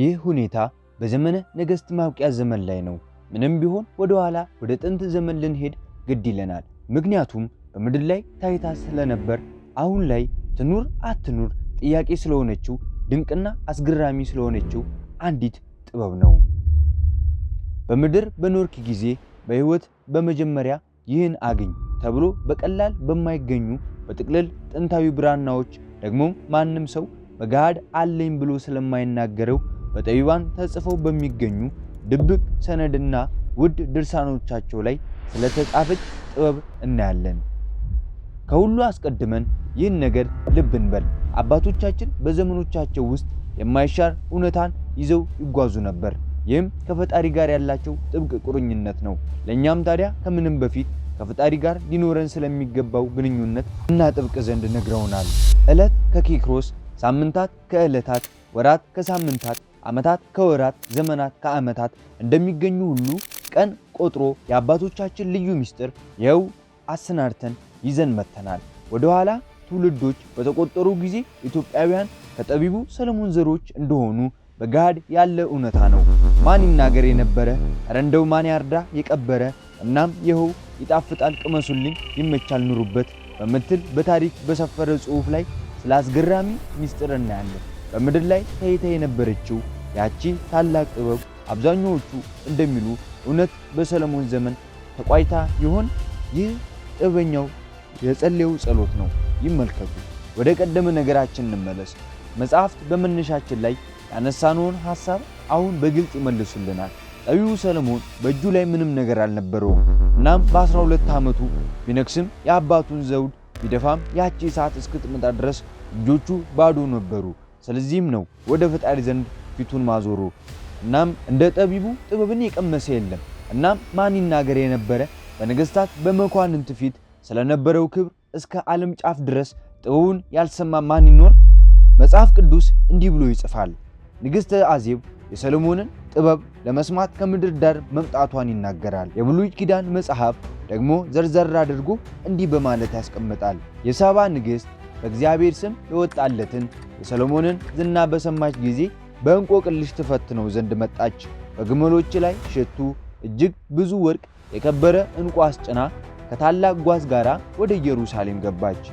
ይህ ሁኔታ በዘመነ ነገሥት ማብቂያ ዘመን ላይ ነው። ምንም ቢሆን ወደ ኋላ ወደ ጥንት ዘመን ልንሄድ ግድ ይለናል። ምክንያቱም በምድር ላይ ታይታ ስለነበር አሁን ላይ ትኑር አትኑር ጥያቄ ስለሆነችው ድንቅና አስገራሚ ስለሆነችው አንዲት ጥበብ ነው። በምድር በኖርክ ጊዜ በሕይወት በመጀመሪያ ይህን አግኝ ተብሎ በቀላል በማይገኙ በጥቅልል ጥንታዊ ብራናዎች ደግሞም ማንም ሰው በገሃድ አለኝ ብሎ ስለማይናገረው በጠቢባን ተጽፈው በሚገኙ ድብቅ ሰነድና ውድ ድርሳኖቻቸው ላይ ስለተጻፈች ጥበብ እናያለን። ከሁሉ አስቀድመን ይህን ነገር ልብ እንበል። አባቶቻችን በዘመኖቻቸው ውስጥ የማይሻር እውነታን ይዘው ይጓዙ ነበር። ይህም ከፈጣሪ ጋር ያላቸው ጥብቅ ቁርኝነት ነው። ለእኛም ታዲያ ከምንም በፊት ከፈጣሪ ጋር ሊኖረን ስለሚገባው ግንኙነት እናጥብቅ ዘንድ ነግረውናል። ዕለት ከኬክሮስ፣ ሳምንታት ከዕለታት፣ ወራት ከሳምንታት ዓመታት ከወራት ዘመናት ከዓመታት እንደሚገኙ ሁሉ ቀን ቆጥሮ የአባቶቻችን ልዩ ምስጢር ይኸው አሰናድተን ይዘን መጥተናል። ወደኋላ ትውልዶች በተቆጠሩ ጊዜ ኢትዮጵያውያን ከጠቢቡ ሰለሞን ዘሮች እንደሆኑ በጋድ ያለ እውነታ ነው። ማን ይናገር የነበረ ረንደው እንደው ማን ያርዳ የቀበረ። እናም ይኸው ይጣፍጣል፣ ቅመሱልኝ፣ ይመቻል፣ ኑሩበት በምትል በታሪክ በሰፈረ ጽሑፍ ላይ ስለ አስገራሚ ምስጢር እናያለን። በምድር ላይ ተይታ የነበረችው ያቺ ታላቅ ጥበብ አብዛኛዎቹ እንደሚሉ እውነት በሰለሞን ዘመን ተቋይታ ይሆን? ይህ ጥበበኛው የጸሌው ጸሎት ነው። ይመልከቱ። ወደ ቀደመ ነገራችን እንመለስ። መጽሐፍት በመነሻችን ላይ ያነሳነውን ሐሳብ አሁን በግልጽ ይመልሱልናል። ጠቢቡ ሰለሞን በእጁ ላይ ምንም ነገር አልነበረውም። እናም በ12 ዓመቱ ቢነክስም የአባቱን ዘውድ ቢደፋም ያቺ እሳት እስክትመጣ ድረስ እጆቹ ባዶ ነበሩ። ስለዚህም ነው ወደ ፈጣሪ ዘንድ ፊቱን ማዞሩ። እናም እንደ ጠቢቡ ጥበብን የቀመሰ የለም። እናም ማን ይናገር የነበረ በነገስታት በመኳንንት ፊት ስለነበረው ክብር እስከ ዓለም ጫፍ ድረስ ጥበቡን ያልሰማ ማን ይኖር? መጽሐፍ ቅዱስ እንዲህ ብሎ ይጽፋል። ንግሥተ አዜብ የሰሎሞንን ጥበብ ለመስማት ከምድር ዳር መምጣቷን ይናገራል። የብሉይ ኪዳን መጽሐፍ ደግሞ ዘርዘር አድርጎ እንዲህ በማለት ያስቀምጣል። የሳባ ንግሥት በእግዚአብሔር ስም የወጣለትን የሰሎሞንን ዝና በሰማች ጊዜ በእንቆቅልሽ ትፈትነው ዘንድ መጣች። በግመሎች ላይ ሽቱ፣ እጅግ ብዙ ወርቅ፣ የከበረ ዕንቁ አስጭና ከታላቅ ጓዝ ጋር ወደ ኢየሩሳሌም ገባች።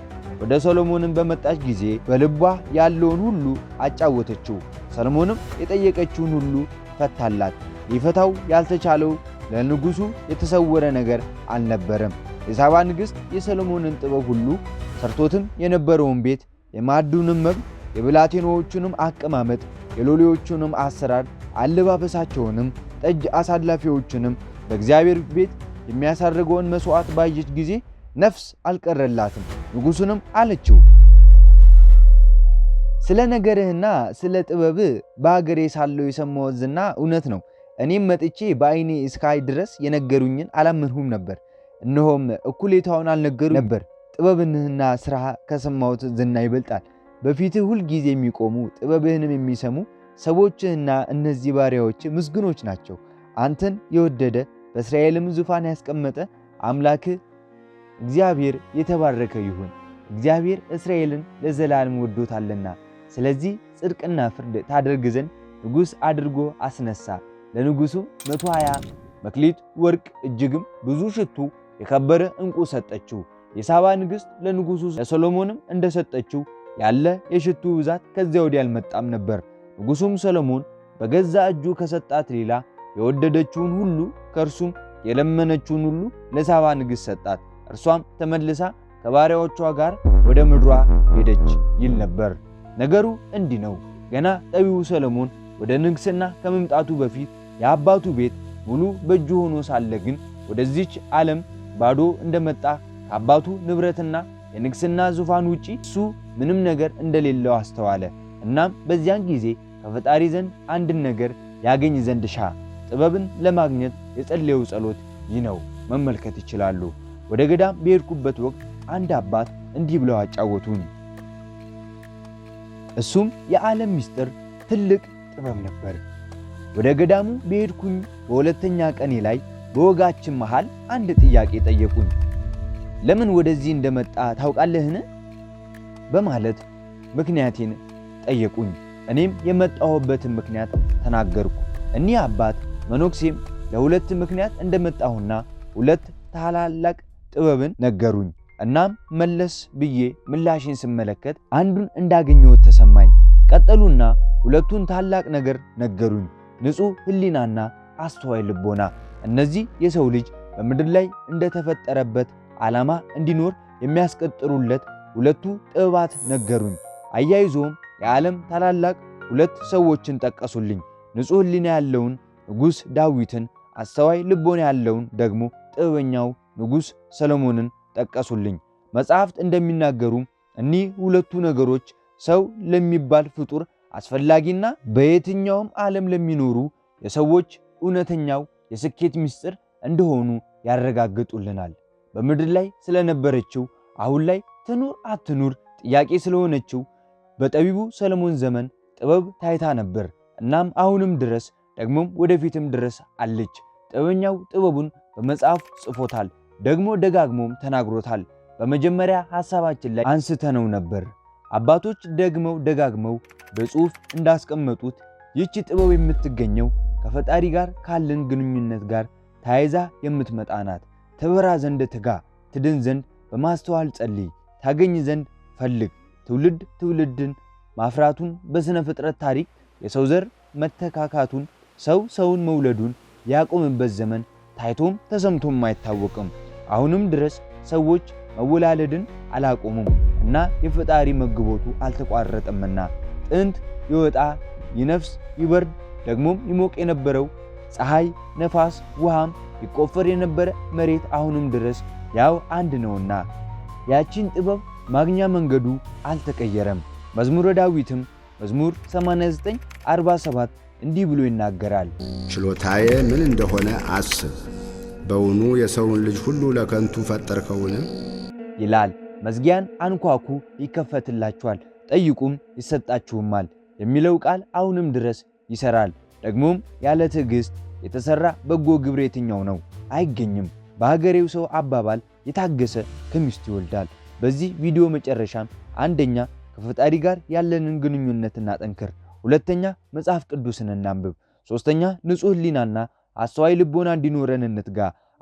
ወደ ሰሎሞንም በመጣች ጊዜ በልቧ ያለውን ሁሉ አጫወተችው። ሰሎሞንም የጠየቀችውን ሁሉ ፈታላት። ሊፈታው ያልተቻለው ለንጉሡ የተሰወረ ነገር አልነበረም። የሳባ ንግሥት የሰሎሞንን ጥበብ ሁሉ ሰርቶትም የነበረውን ቤት የማዕዱንም መብት የብላቴኖቹንም አቀማመጥ፣ የሎሌዎቹንም አሰራር፣ አለባበሳቸውንም፣ ጠጅ አሳላፊዎቹንም በእግዚአብሔር ቤት የሚያሳርገውን መሥዋዕት ባየች ጊዜ ነፍስ አልቀረላትም። ንጉሡንም አለችው ስለ ነገርህና ስለ ጥበብ በአገሬ ሳለው የሰማሁት ዝና እውነት ነው። እኔም መጥቼ በዓይኔ እስካይ ድረስ የነገሩኝን አላመንሁም ነበር። እነሆም እኩሌታውን አልነገሩ ነበር። ጥበብንህና ስራ ከሰማሁት ዝና ይበልጣል። በፊትህ ሁል ጊዜ የሚቆሙ ጥበብህንም የሚሰሙ ሰዎችህና እነዚህ ባሪያዎች ምስግኖች ናቸው። አንተን የወደደ በእስራኤልም ዙፋን ያስቀመጠ አምላክህ እግዚአብሔር የተባረከ ይሁን። እግዚአብሔር እስራኤልን ለዘላለም ወዶታልና፣ ስለዚህ ጽድቅና ፍርድ ታደርግ ዘንድ ንጉሥ አድርጎ አስነሳ። ለንጉሡ መቶ ሀያ መክሊት ወርቅ እጅግም ብዙ ሽቱ የከበረ ዕንቁ ሰጠችው። የሳባ ንግሥት ለንጉሡ ለሰሎሞንም እንደሰጠችው ያለ የሽቱ ብዛት ከዚያ ወዲያ አልመጣም ነበር። ንጉሡም ሰሎሞን በገዛ እጁ ከሰጣት ሌላ የወደደችውን ሁሉ ከእርሱም የለመነችውን ሁሉ ለሳባ ንግሥት ሰጣት። እርሷም ተመልሳ ከባሪያዎቿ ጋር ወደ ምድሯ ሄደች ይል ነበር። ነገሩ እንዲህ ነው። ገና ጠቢው ሰሎሞን ወደ ንግሥና ከመምጣቱ በፊት የአባቱ ቤት ሙሉ በእጁ ሆኖ ሳለ ግን ወደዚች ዓለም ባዶ እንደመጣ ከአባቱ ንብረትና የንግስና ዙፋን ውጪ እሱ ምንም ነገር እንደሌለው አስተዋለ። እናም በዚያን ጊዜ ከፈጣሪ ዘንድ አንድን ነገር ያገኝ ዘንድ ሻ ጥበብን ለማግኘት የጸለየው ጸሎት ይህ ነው። መመልከት ይችላሉ። ወደ ገዳም በሄድኩበት ወቅት አንድ አባት እንዲህ ብለው አጫወቱኝ። እሱም የዓለም ምስጢር ትልቅ ጥበብ ነበር። ወደ ገዳሙ በሄድኩኝ በሁለተኛ ቀኔ ላይ በወጋችን መሃል አንድ ጥያቄ ጠየቁኝ። ለምን ወደዚህ እንደመጣ ታውቃለህን? በማለት ምክንያቴን ጠየቁኝ። እኔም የመጣሁበትን ምክንያት ተናገርኩ። እኒህ አባት መኖክሴም ለሁለት ምክንያት እንደመጣሁና ሁለት ታላላቅ ጥበብን ነገሩኝ። እናም መለስ ብዬ ምላሽን ስመለከት አንዱን እንዳገኘሁት ተሰማኝ። ቀጠሉና ሁለቱን ታላቅ ነገር ነገሩኝ። ንጹሕ ሕሊናና አስተዋይ ልቦና። እነዚህ የሰው ልጅ በምድር ላይ እንደተፈጠረበት ዓላማ እንዲኖር የሚያስቀጥሩለት ሁለቱ ጥበባት ነገሩኝ። አያይዞም የዓለም ታላላቅ ሁለት ሰዎችን ጠቀሱልኝ። ንጹሕ ሕሊና ያለውን ንጉሥ ዳዊትን፣ አስተዋይ ልቦና ያለውን ደግሞ ጥበበኛው ንጉሥ ሰሎሞንን ጠቀሱልኝ። መጻሕፍት እንደሚናገሩ እኒህ ሁለቱ ነገሮች ሰው ለሚባል ፍጡር አስፈላጊና በየትኛውም ዓለም ለሚኖሩ የሰዎች እውነተኛው የስኬት ምስጢር እንደሆኑ ያረጋግጡልናል። በምድር ላይ ስለነበረችው አሁን ላይ ትኑር አትኑር ጥያቄ ስለሆነችው በጠቢቡ ሰለሞን ዘመን ጥበብ ታይታ ነበር። እናም አሁንም ድረስ ደግሞም ወደፊትም ድረስ አለች። ጥበበኛው ጥበቡን በመጽሐፍ ጽፎታል፣ ደግሞ ደጋግሞም ተናግሮታል። በመጀመሪያ ሐሳባችን ላይ አንስተነው ነበር። አባቶች ደግመው ደጋግመው በጽሑፍ እንዳስቀመጡት ይህች ጥበብ የምትገኘው ከፈጣሪ ጋር ካለን ግንኙነት ጋር ተያይዛ የምትመጣ ናት። ትበራ ዘንድ ትጋ፣ ትድን ዘንድ በማስተዋል ጸልይ፣ ታገኝ ዘንድ ፈልግ። ትውልድ ትውልድን ማፍራቱን በሥነ ፍጥረት ታሪክ የሰው ዘር መተካካቱን ሰው ሰውን መውለዱን ያቆምበት ዘመን ታይቶም ተሰምቶም አይታወቅም። አሁንም ድረስ ሰዎች መወላለድን አላቆሙም እና የፈጣሪ መግቦቱ አልተቋረጠምና ጥንት ይወጣ ይነፍስ ይበርድ ደግሞም ይሞቅ የነበረው ፀሐይ፣ ነፋስ፣ ውሃም ይቆፈር የነበረ መሬት አሁንም ድረስ ያው አንድ ነውና ያቺን ጥበብ ማግኛ መንገዱ አልተቀየረም። መዝሙረ ዳዊትም መዝሙር 89 47 እንዲህ ብሎ ይናገራል። ችሎታዬ ምን እንደሆነ አስብ፣ በውኑ የሰውን ልጅ ሁሉ ለከንቱ ፈጠርከውን ይላል። መዝጊያን አንኳኩ ይከፈትላችኋል፣ ጠይቁም ይሰጣችሁማል የሚለው ቃል አሁንም ድረስ ይሰራል። ደግሞም ያለ ትዕግሥት የተሰራ በጎ ግብር የትኛው ነው? አይገኝም። በሀገሬው ሰው አባባል የታገሰ ከሚስቱ ይወልዳል። በዚህ ቪዲዮ መጨረሻም አንደኛ ከፈጣሪ ጋር ያለንን ግንኙነት እናጠንክር፣ ሁለተኛ መጽሐፍ ቅዱስን እናንብብ፣ ሶስተኛ ንጹህ ሕሊናና አስተዋይ ልቦና እንዲኖረን እንትጋ፣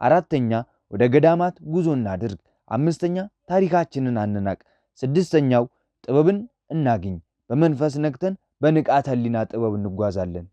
አራተኛ ወደ ገዳማት ጉዞ እናድርግ፣ አምስተኛ ታሪካችንን አንናቅ፣ ስድስተኛው ጥበብን እናግኝ። በመንፈስ ነክተን በንቃተ ሕሊና ጥበብ እንጓዛለን።